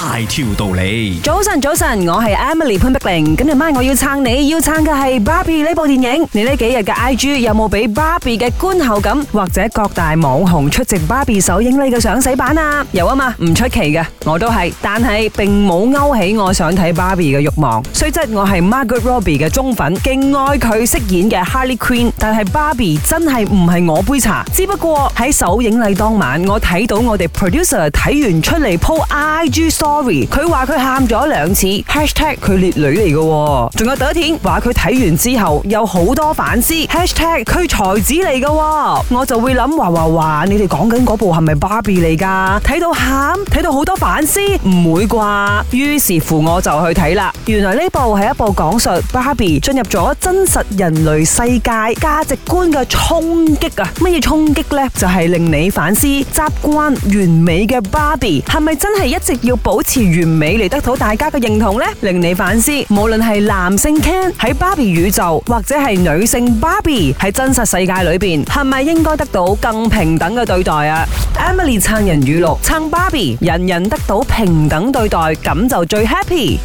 大條道理，早晨早晨，我係 Emily 潘碧玲，今日晚我要撐你要撐嘅係 Barbie 呢部電影。你呢幾日嘅 IG 有冇俾 Barbie 嘅觀後感或者各大網紅出席 Barbie 首映禮嘅相洗版啊？有啊嘛，唔出奇嘅，我都係，但係並冇勾起我想睇 Barbie 嘅欲望。雖則我係 Margot Robbie 嘅忠粉，勁愛佢飾演嘅 Harley Quinn，但係 Barbie 真係唔係我杯茶。只不過喺首映禮當晚，我睇到我哋 producer 睇完出嚟 po IG。佢話佢喊咗兩次，#佢烈女嚟嘅、哦，仲有第一天話佢睇完之後有好多反思，#佢才子嚟嘅、哦，我就會諗話話話，你哋講緊嗰部係咪芭比嚟噶？睇到喊，睇到好多反思，唔會啩？於是乎我就去睇啦。原來呢部係一部講述芭比進入咗真實人類世界價值觀嘅衝擊啊！乜嘢衝擊呢？就係、是、令你反思習慣完美嘅芭比係咪真係一直要保？保持完美嚟得到大家嘅認同呢，令你反思，無論係男性 Ken 喺 Barbie 宇宙，或者係女性 Barbie 喺真實世界裏邊，係咪應該得到更平等嘅對待啊？Emily 撐人語錄，撐 Barbie，人人得到平等對待，咁就最 happy。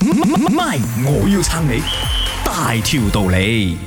MY，我要撐你，大條道理。